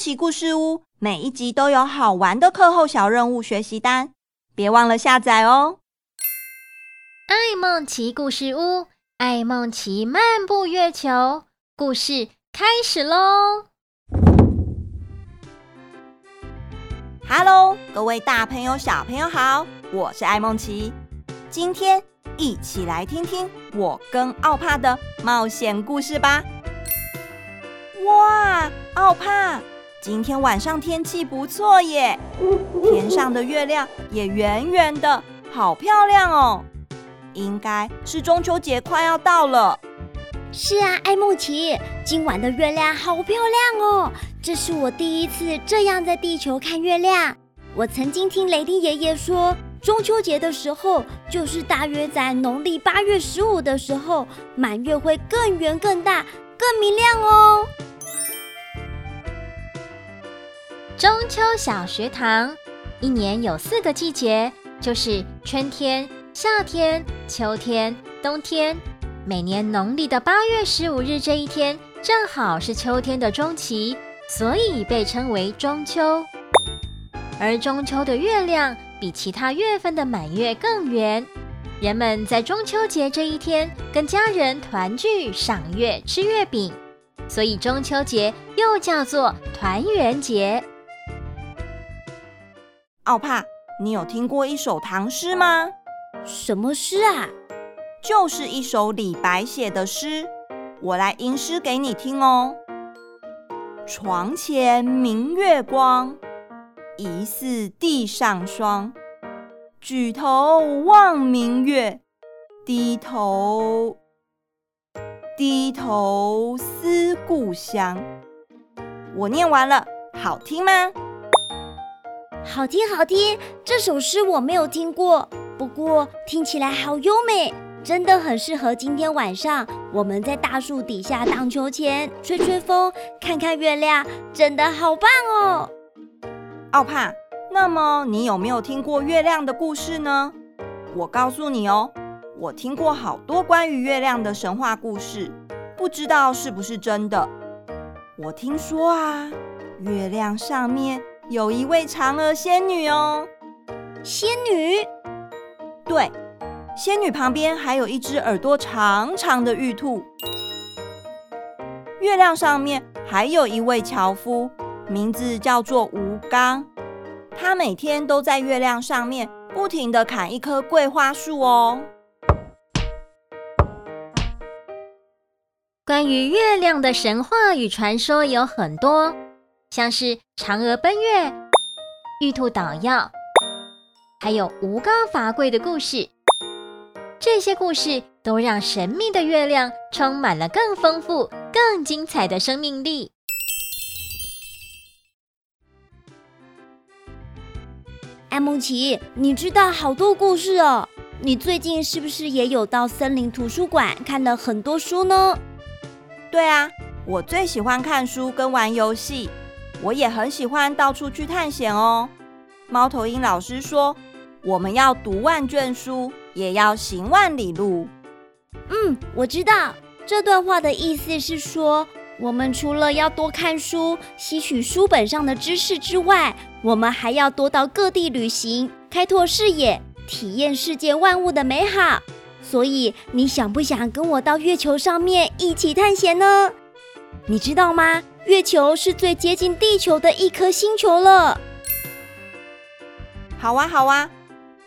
奇故事屋每一集都有好玩的課後小任務學習單，別忘了下載哦。愛孟奇故事屋，愛孟奇漫步月球，故事開始嘍！Hello，各位大朋友小朋友好，我是愛孟奇，今天一起來聽聽我跟奧帕的冒險故事吧。哇，奧帕！今天晚上天氣不錯耶，天上的月亮也圓圓的，好漂亮哦！應該是中秋節快要到了。是啊，愛孟奇，今晚的月亮好漂亮哦！這是我第一次這樣在地球看月亮。我曾經聽雷丁爺爺說，中秋節的時候就是大約在農曆八月十五的時候，滿月會更圓、更大、更明亮哦。中秋小學堂，一年有四個季節，就是春天、夏天、秋天、冬天。每年農曆的八月十五日這一天，正好是秋天的中期，所以被稱為中秋。而中秋的月亮比其他月份的滿月更圓。人們在中秋節這一天跟家人團聚、賞月、吃月餅，所以中秋節又叫做團圓節。奧帕，你有聽過一首唐詩嗎？什麼詩啊？就是一首李白寫的詩，我來吟詩給你聽哦。床前明月光，疑是地上霜。舉頭望明月，低頭低頭思故鄉。我念完了，好聽嗎？好聽好聽，這首詩我沒有聽過，不過聽起來好優美，真的很適合今天晚上我們在大樹底下盪秋千、吹吹風、看看月亮，真的好棒哦。奧帕，那麼你有沒有聽過月亮的故事呢？我告訴你哦，我聽過好多關於月亮的神話故事，不知道是不是真的。我聽說啊，月亮上面。有一位嫦娥仙女哦。仙女？對，仙女旁邊還有一隻耳朵長長的玉兔。月亮上面還有一位樵夫，名字叫做吳剛，他每天都在月亮上面不停地砍一棵桂花樹哦。關於月亮的神話與傳說有很多。像是嫦娥奔月、玉兔搗藥，還有吳剛伐桂的故事，這些故事都讓神祕的月亮充滿了更豐富、更精彩的生命力。愛孟奇，你知道好多故事哦，你最近是不是也有到森林圖書館看了很多書呢？對啊，我最喜歡看書跟玩遊戲。我也很喜歡到處去探險哦。貓頭鷹老師說：“我們要讀萬卷書，也要行萬里路。”嗯，我知道這段話的意思是說，我們除了要多看書，吸取書本上的知識之外，我們還要多到各地旅行，開拓視野，體驗世界萬物的美好。所以，你想不想跟我到月球上面一起探險呢？你知道嗎？月球是最接近地球的一顆星球了。好啊，好啊。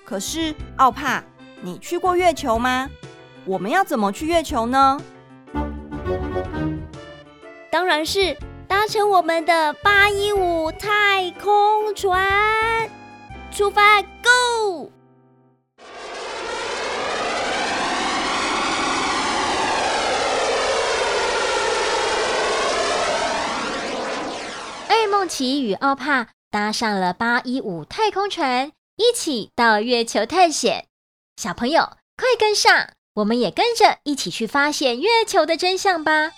可是奧帕，你去過月球嗎？我們要怎麼去月球呢？當然是搭乘我們的八一五太空船，出發，Go！孟奇與奧帕搭上了八一五太空船，一起到月球探險。小朋友，快跟上！我們也跟着一起去發現月球的真相吧。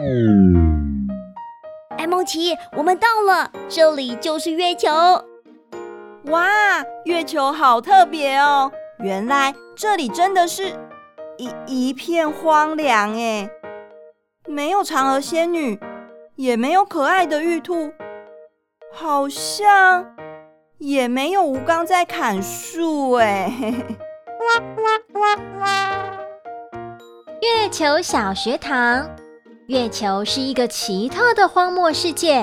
嗯奇，我們到了，這裡就是月球。哇，月球好特別哦！原來這裡真的是一一片荒涼誒，沒有嫦娥仙女，也沒有可愛的玉兔，好像也沒有吳剛在砍樹誒。 月球小學堂。月球是一個奇特的荒漠世界。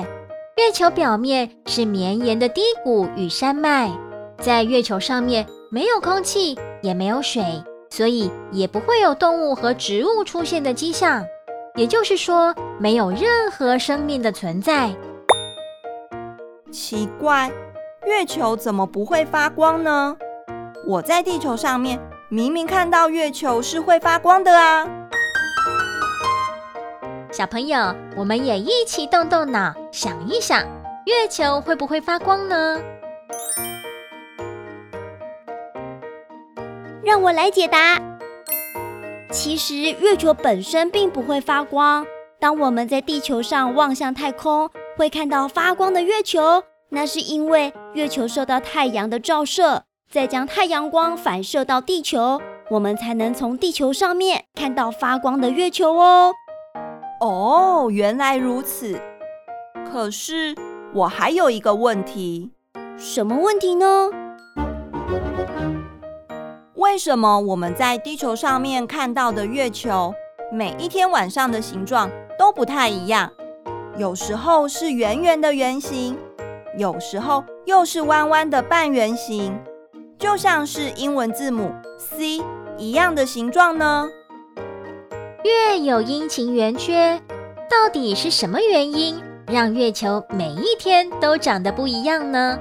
月球表面是綿延的低谷與山脈。在月球上面沒有空氣，也沒有水，所以也不會有動物和植物出現的跡象。也就是說，沒有任何生命的存在。奇怪，月球怎麼不會發光呢？我在地球上面明明看到月球是會發光的啊！小朋友，我們也一起動動腦，想一想，月球會不會發光呢？讓我來解答。其實，月球本身並不會發光。當我們在地球上望向太空，會看到發光的月球，那是因為月球受到太陽的照射，再將太陽光反射到地球，我們才能從地球上面看到發光的月球哦。哦，原來如此。可是我還有一個問題，什麼問題呢？為什麼我們在地球上面看到的月球，每一天晚上的形狀都不太一樣？有時候是圓圓的圓形，有時候又是彎彎的半圓形，就像是英文字母 C 一樣的形狀呢？月有陰晴圓缺，到底是什麼原因讓月球每一天都長得不一樣呢？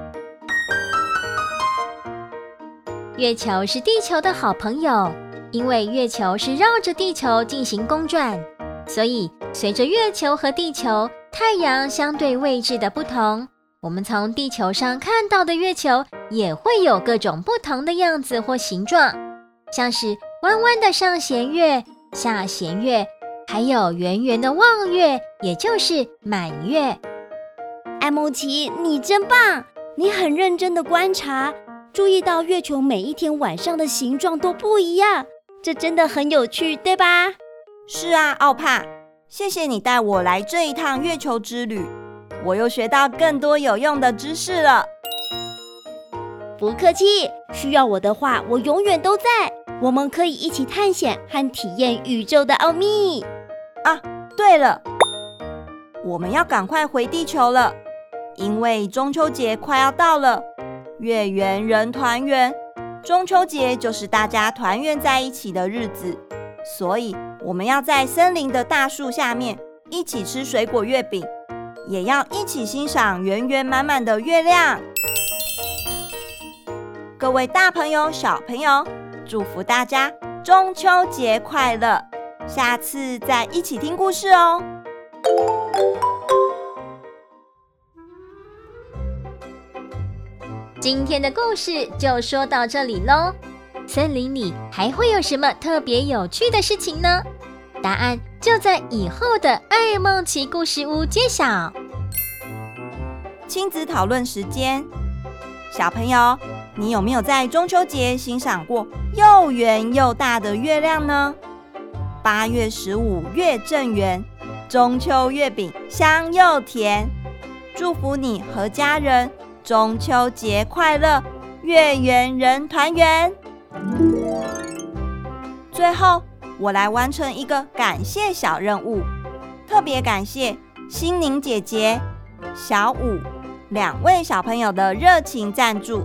月球是地球的好朋友，因為月球是繞着地球進行公轉，所以隨着月球和地球、太陽相對位置的不同，我們從地球上看到的月球也會有各種不同的樣子或形狀，像是彎彎的上弦月。下弦月，還有圓圓的望月，也就是滿月。愛孟奇，你真棒！你很認真的觀察，注意到月球每一天晚上的形狀都不一樣，這真的很有趣，對吧？是啊，奧帕，謝謝你帶我來這一趟月球之旅，我又學到更多有用的知識了。不客氣，需要我的話，我永遠都在。我們可以一起探險和體驗宇宙的奧秘。啊，對了，我們要趕快回地球了，因為中秋節快要到了。月圓人團圓，中秋節就是大家團圓在一起的日子，所以我們要在森林的大樹下面一起吃水果月餅，也要一起欣賞圓圓滿滿的月亮。各位大朋友、小朋友。祝福大家中秋節快樂！下次再一起聽故事哦。今天的故事就說到這裡嘍，森林裡還會有什麼特別有趣的事情呢？答案就在以後的《愛孟奇故事屋》揭曉。親子討論時間，小朋友。你有沒有在中秋節欣賞過又圓又大的月亮呢？八月十五月正圓，中秋月餅香又甜，祝福你和家人中秋節快樂，月圓人團圓。最後，我來完成一個感謝小任務，特別感謝心靈姐姐、小五兩位小朋友的熱情贊助。